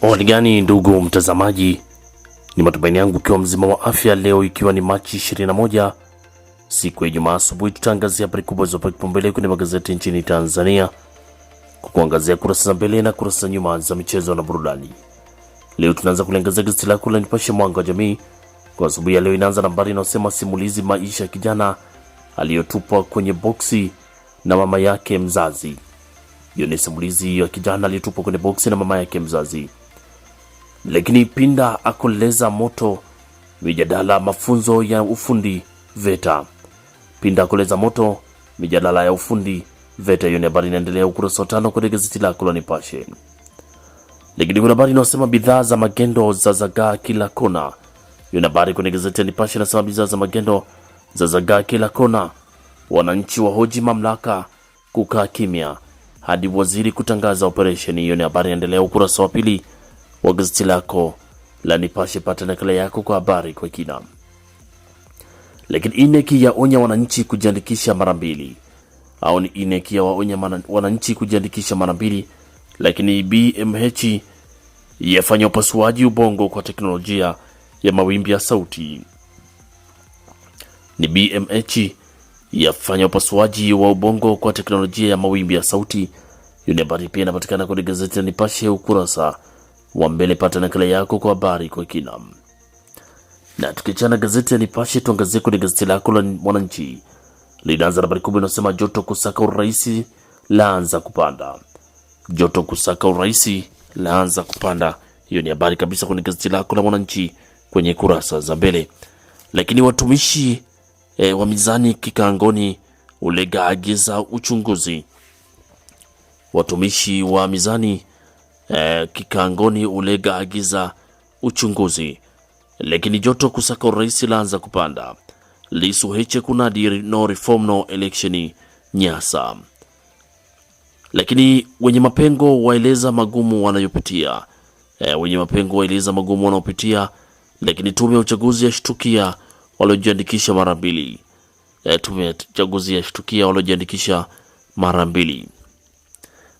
Hali gani ndugu mtazamaji, ni matumaini yangu ukiwa mzima wa afya. Leo ikiwa ni Machi 21 siku ya Ijumaa asubuhi, tutaangazia habari kubwa zilizopewa kipaumbele kwenye magazeti nchini Tanzania kwa kuangazia kurasa za mbele na kurasa za nyuma za michezo na burudani. Leo tunaanza kuliangazia gazeti lako la Nipashe Mwanga wa Jamii kwa asubuhi ya leo, inaanza na habari inayosema simulizi maisha ya kijana aliyotupwa kwenye boksi na mama yake mzazi. Hiyo ni simulizi ya kijana aliyotupwa kwenye boksi na mama yake mzazi lakini Pinda akoleza moto mijadala mafunzo ya ufundi VETA. Pinda akoleza moto mijadala ya ufundi VETA. Hiyo ni habari inaendelea ukurasa wa tano kwenye gazeti lako la Nipashe. Lakini kuna habari inayosema bidhaa za magendo za zagaa kila kona. Hiyo ni habari kwenye gazeti ya Nipashe inasema bidhaa za magendo za zagaa kila kona, wananchi wahoji mamlaka kukaa kimya hadi waziri kutangaza operesheni. Hiyo ni habari inaendelea ukurasa wa pili wa gazeti lako la Nipashe. Pata nakala yako kwa habari kwa kina. Lakini ineki yaonya wananchi kujiandikisha mara mbili au ni ineki yawaonya wananchi kujiandikisha mara mbili. Lakini BMH yafanya upasuaji ubongo kwa teknolojia ya mawimbi ya sauti. Ni BMH yafanya upasuaji wa ubongo kwa teknolojia ya mawimbi ya sauti. Hiyo habari pia inapatikana kwenye gazeti la Nipashe ukurasa wa mbele. Pata nakala yako kwa habari kwa kina. Na tukichana gazeti ya Nipashe, tuangazie kwenye gazeti lako la Mwananchi linaanza habari kubwa inasema joto kusaka urais laanza kupanda, joto kusaka urais laanza kupanda. Hiyo ni habari kabisa kwenye gazeti lako la Mwananchi kwenye kurasa za mbele. Lakini watumishi e, wa mizani kikangoni ulega agiza uchunguzi. Watumishi wa mizani eh, kikangoni Ulega agiza uchunguzi, lakini joto kusaka urais laanza kupanda. Lisu Heche kunadi no reform no election Nyasa, lakini wenye mapengo waeleza magumu wanayopitia e, wenye mapengo waeleza magumu wanayopitia. Lakini tume ya uchaguzi yashtukia waliojiandikisha mara mbili e, tume ya uchaguzi yashtukia waliojiandikisha mara mbili.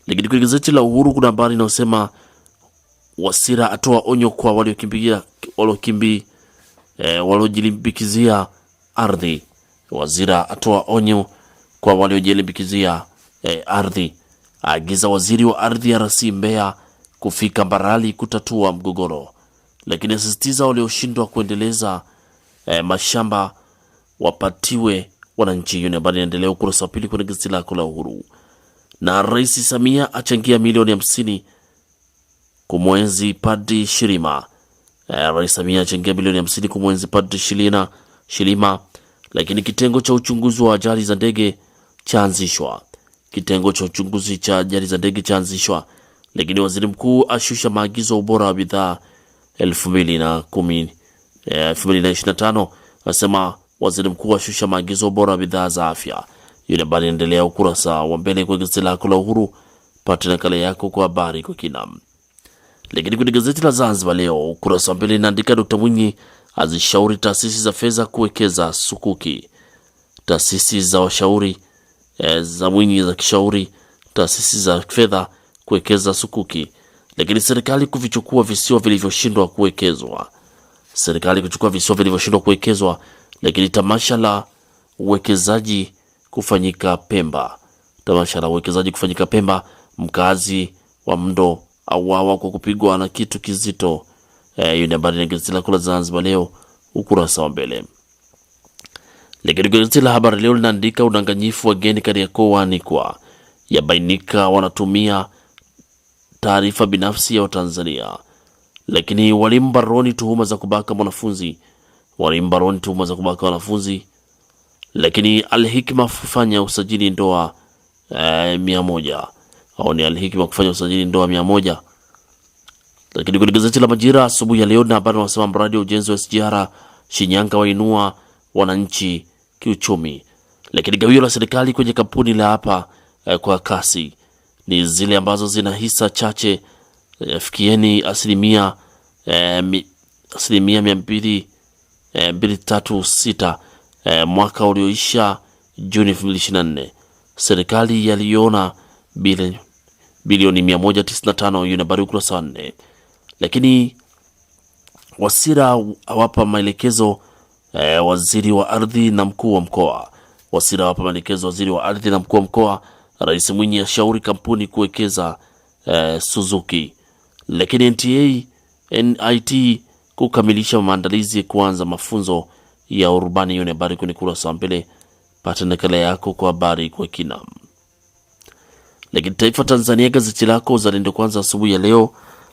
Lakini kwenye gazeti la Uhuru kuna habari inayosema Wasira atoa onyo kwa waliokimbia waliokimbi e, eh, waliojilimbikizia ardhi. Wazira atoa onyo kwa waliojilimbikizia e, ardhi. Aagiza waziri wa ardhi ya RC Mbeya kufika Mbarali kutatua mgogoro, lakini asisitiza walioshindwa kuendeleza e, mashamba wapatiwe wananchi. Hiyo ni habari inaendelea ukurasa wa pili kwenye gazeti lako la Uhuru na Rais Samia achangia milioni hamsini kumwenzi Padri Shirima. Eh, Rais Samia achangia milioni hamsini kumwenzi Padri Shilina Shilima. Lakini kitengo cha uchunguzi wa ajali za ndege chaanzishwa, kitengo cha uchunguzi cha ajali za ndege chaanzishwa. Lakini waziri mkuu ashusha maagizo ubora wa bidhaa 2010 2025, eh, asema waziri mkuu ashusha maagizo ubora wa bidhaa za afya. Hiyo ni habari inaendelea ukurasa wa mbele kwa gazeti lako la Uhuru. Pata nakala yako kwa habari kwa kina. Lakini kwenye gazeti la Zanzibar leo ukurasa wa mbele inaandika Dr. Mwinyi azishauri taasisi za fedha kuwekeza sukuki. Taasisi za washauri e, za Mwinyi za kishauri taasisi za fedha kuwekeza sukuki. Lakini serikali kuvichukua visiwa vilivyoshindwa kuwekezwa, serikali kuchukua visiwa vilivyoshindwa kuwekezwa. Lakini tamasha la uwekezaji kufanyika Pemba. Tamasha la uwekezaji kufanyika Pemba. Mkazi wa Mndo auawa kwa kupigwa na kitu kizito. Eh, hiyo ni habari ya gazeti lako la Zanzibar Leo ukurasa wa mbele. Lakini gazeti la Habari Leo linaandika udanganyifu wageni Kariakoo waanikwa, yabainika wanatumia taarifa binafsi ya Watanzania. Lakini walimu baroni tuhuma za kubaka mwanafunzi, walimu baroni tuhuma za kubaka wanafunzi lakini Alhikma kufanya usajili ndoa e, mia moja au ni Alhikma kufanya usajili ndoa mia moja. Lakini kwenye gazeti la Majira asubuhi ya leo na habari wanasema mradi wa ujenzi wa SGR Shinyanga wainua wananchi kiuchumi. Lakini gawio la serikali kwenye kampuni la hapa e, kwa kasi ni zile ambazo zina hisa chache e, fikieni asilimia e, asilimia mia mbili e, mbili tatu sita e, mwaka ulioisha Juni 2024 serikali yaliona bilioni 195 yuna ni habari ukurasa wa nne. Lakini Wasira awapa maelekezo e, waziri wa ardhi na mkuu wa mkoa. Wasira awapa maelekezo waziri wa ardhi na mkuu wa mkoa. Rais Mwinyi ashauri kampuni kuwekeza e, Suzuki. Lakini NTA NIT kukamilisha maandalizi kuanza mafunzo ya urubani. Hiyo ni habari kwenye kurasa wa mbele, pata nakala yako kwa habari kwa kina. Lakini Taifa Tanzania, gazeti lako Uzalendo Kwanza asubuhi ya leo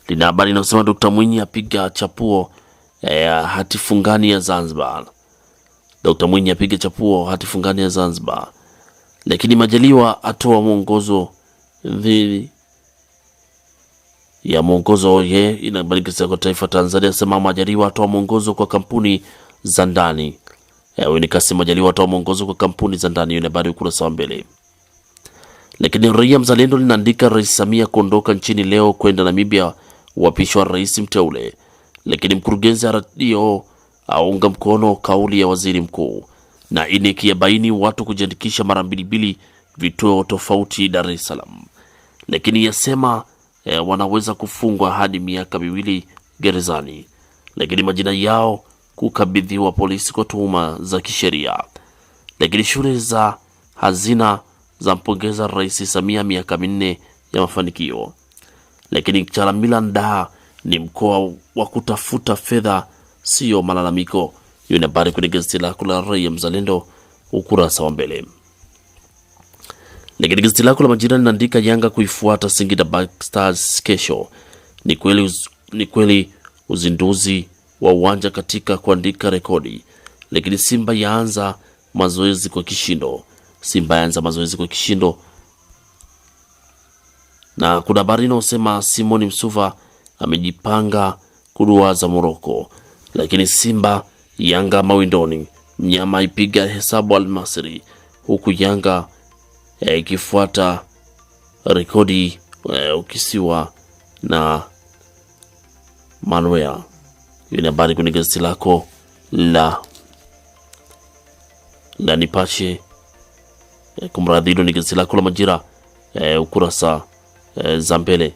lina habari inayosema Dr. Mwinyi apiga chapuo ya eh, hati fungani ya Zanzibar. Dr. Mwinyi apiga chapuo hati fungani ya Zanzibar. Lakini Majaliwa atoa mwongozo dhidi ya mwongozo ye eh, inabariki kwa Taifa Tanzania, sema Majaliwa atoa mwongozo kwa kampuni za ndani. Eh, huyu ni Kassim Majaliwa atoa mwongozo kwa kampuni za ndani. Hiyo ni habari ukurasa wa mbele. Lakini Raia Mzalendo linaandika Rais Samia kuondoka nchini leo kwenda Namibia, uapishwa rais mteule. Lakini mkurugenzi RDO aunga mkono kauli ya waziri mkuu, na INEC yabaini watu kujiandikisha mara mbili mbili vituo tofauti Dar es Salaam. Lakini yasema eh, wanaweza kufungwa hadi miaka miwili gerezani, lakini majina yao kukabidhiwa polisi kwa tuhuma za kisheria. Lakini shule za hazina zampongeza Rais Samia miaka minne ya mafanikio. Lakini Chalamila Ndaa ni mkoa wa kutafuta fedha, siyo malalamiko. Hiyo ni habari kwenye gazeti lako la Raia Mzalendo ukurasa wa mbele. Lakini gazeti lako la Majira linaandika Yanga kuifuata Singida Black Stars kesho. Ni kweli, ni kweli uzinduzi wa uwanja katika kuandika rekodi, lakini Simba yaanza mazoezi kwa kishindo. Simba yaanza mazoezi kwa kishindo, na kuna habari inayosema Simon Msuva amejipanga kuduaza Moroko, lakini Simba Yanga mawindoni, mnyama ipiga hesabu Almasri, huku Yanga eh, ikifuata eh, rekodi eh, ukisiwa na Manuel hiyo ni habari kwenye gazeti lako la la Nipashe. E, eh, kumradhi, hilo ni gazeti lako la Majira e, ukurasa e, za mbele.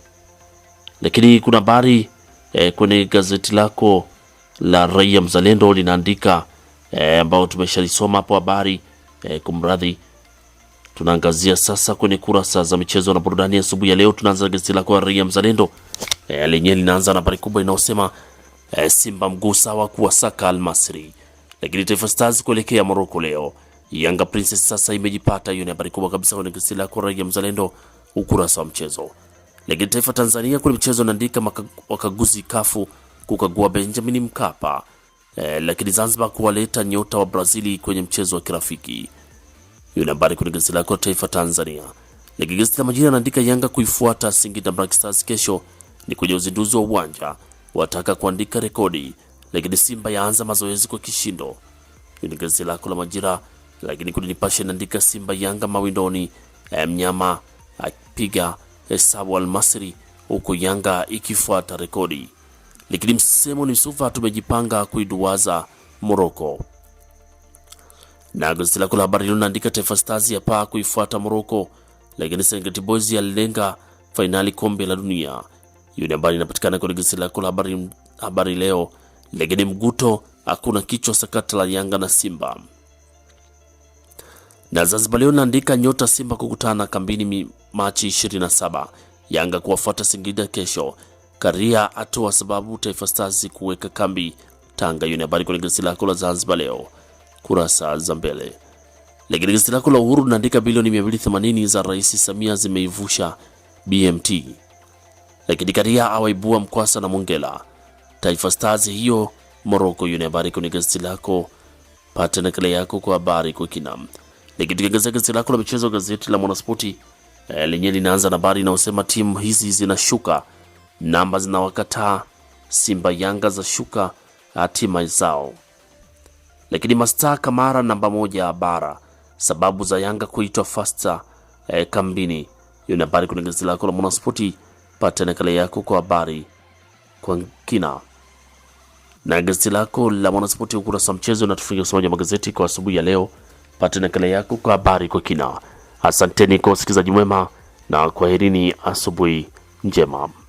Lakini kuna habari e, kwenye gazeti lako la Raia Mzalendo linaandika ambao e, tumeshalisoma hapo habari e, kumradhi tunaangazia sasa kwenye kurasa za michezo na burudani asubuhi ya leo. Tunaanza gazeti lako la Raia Mzalendo e, lenyewe linaanza na habari kubwa inayosema Eh, Simba mgusa wa kuwasaka Almasri. Lakini Taifa Stars kuelekea Morocco leo. Yanga Princess sasa imejipata, hiyo ni habari kubwa kabisa kwenye gazeti lako Raia Mzalendo ukurasa wa mchezo. Lakini Taifa Tanzania kule mchezo naandika wakaguzi kafu kukagua Benjamin Mkapa. E, lakini Zanzibar kuwaleta nyota wa Brazili kwenye mchezo wa kirafiki. Hiyo ni habari kwenye gazeti lako Taifa Tanzania. Lakini gazeti la Majira naandika Yanga kuifuata Singida Black Stars kesho ni kwenye uzinduzi wa uwanja wataka kuandika rekodi, lakini Simba yaanza mazoezi kwa kishindo. Hili ni gazeti lako la Majira, lakini kuna Nipashe inaandika Simba Yanga mawindoni, eh, mnyama akipiga hesabu eh, Almasri, huku Yanga ikifuata rekodi. Lakini msemo ni Sufa, tumejipanga kuiduwaza Moroko. Na gazeti lako la habari linaandika Taifa Stars ya yapaa kuifuata Moroko, lakini Serengeti Boys yalenga fainali kombe la dunia. Hiyo ni habari inapatikana kwenye gazeti lako la habari, habari leo. Legeni mguto hakuna kichwa, sakata la Yanga na Simba. Na Zanzibar leo naandika nyota Simba kukutana kambini Machi 27, Yanga kuwafuata Singida kesho. Karia atoa sababu Taifa Stars kuweka kambi Tanga. Hiyo ni habari kwenye gazeti lako la Zanzibar leo kurasa za mbele. Lakini gazeti lako la Uhuru linaandika bilioni 280 za Rais Samia zimeivusha BMT lakini Karia awaibua Mkwasa na Mungela. Taifa Stars hiyo Morocco, Hiyo ni habari kwenye gazeti lako, pata nakala yako kwa habari kwa kina. Lakini tukiangazia gazeti lako la michezo, gazeti la Mwanaspoti e, lenyewe linaanza na habari inayosema timu hizi zinashuka namba zinawakataa Simba, Yanga za shuka hatima zao. Lakini Masta Kamara namba moja bara, sababu za Yanga kuitwa fasta e, kambini. Hiyo ni habari kwenye gazeti lako la Mwanaspoti pata nakala yako kwa habari kwa kina na gazeti lako la Mwanaspoti ukurasa wa mchezo. Na tufungia usomaji wa magazeti kwa asubuhi ya leo. Pata nakala yako kwa habari kwa kina. Asanteni kwa usikilizaji mwema na kwaherini, asubuhi njema.